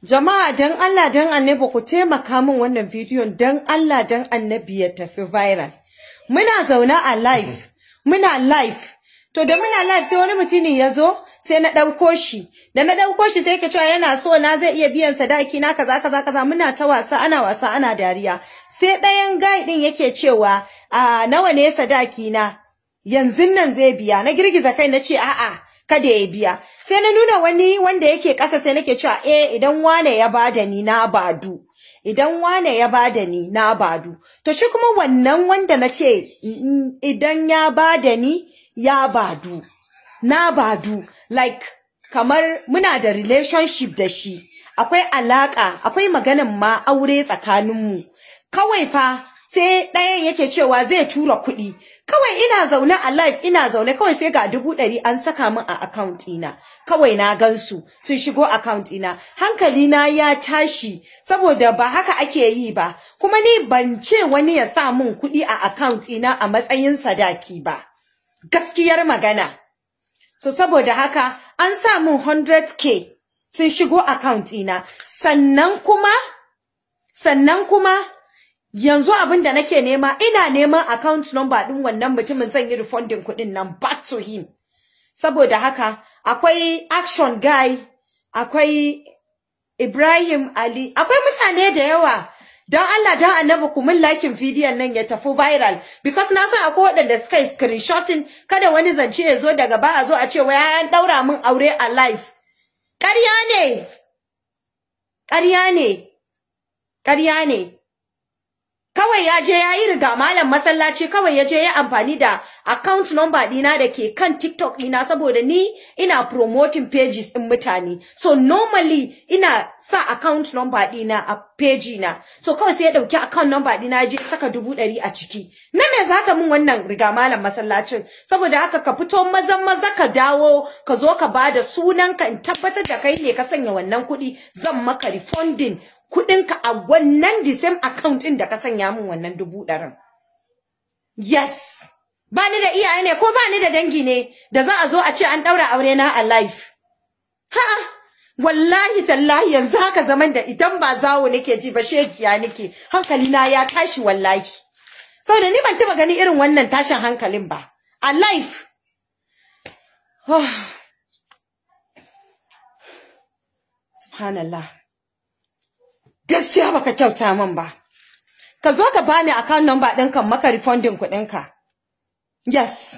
Jama'a dan Allah dan annabi ku taimaka min wannan bidiyon dan Allah dan annabi ya tafi viral. Muna zauna a live, muna live. To da muna live sai wani mutumi ya zo sai na ɗauko shi. Da na ɗauko shi sai ka cewa yana so na zai iya biyan sadaki na kaza kaza kaza muna ta wasa ana wasa ana dariya. Sai ɗayan guide ɗin yake cewa a nawa ne sadaki na yanzu nan zai biya na girgiza kai na ce a'a kada ya biya sai na nuna wani wanda yake ƙasa sai nake cewa eh idan wane ya bada ni na badu idan wane ya bada ni na badu to shi kuma wannan wanda na ce mm, mm, idan ya bada ni ya badu na badu like kamar muna da relationship da shi akwai alaka akwai maganan ma aure tsakaninmu kawai fa sai ɗayan yake cewa zai tura kuɗi kawai ina zaune a live ina zaune kawai sai ga dubu ɗari an saka min a account ɗina kawai na gan su. sun shigo account ina hankali na ya tashi saboda ba haka ake yi ba kuma ni ban ce wani ya sa min kuɗi a account ina a matsayin sadaki ba gaskiyar magana so saboda haka an sa mun 100k sun shigo account ina sannan kuma sannan kuma yanzu abin da nake nema ina neman account number din wannan mutumin zan yi refunding kuɗin nan back to him saboda haka akwai action guy akwai Ibrahim Ali akwai mutane da yawa don Allah don annabi ku mun lakin bidiyon nan ya tafi viral because na san akwai waɗanda suka yi screenshotting kada wani zance ya zo daga ba a zo a ce waya an daura min aure a live ƙarya ne ƙarya ne ƙarya ne kawai ya je ya yi riga malam masallaci kawai ya je ya amfani da account number dina da ke kan TikTok dina saboda ni ina promoting pages din mutane so normally ina sa account number dina a page na so kawai sai ya dauki account number dina je saka dubu ɗari a ciki na me zaka min wannan riga malam masallacin saboda haka ka fito mazan maza ka dawo ka zo ka bada sunan ka in tabbatar da kai ne ka sanya wannan kuɗi zan maka refunding ka a wannan the same account ɗin da ka sanya min wannan dubu ɗarin. Yes, ba ni da iyaye ne ko ba ni da dangi ne da za a zo a ce an ɗaura aure na a live. Ha'a, wallahi tallahi yanzu haka zaman da idan ba zawo nake ji ba shekiya nake hankali na ya tashi wallahi. Saboda ni ban taɓa gani irin wannan tashin hankalin ba. A Subhanallah. gaskiya baka kyauta min ba ka zo ka bani account number ɗinka maka refunding kuɗinka yes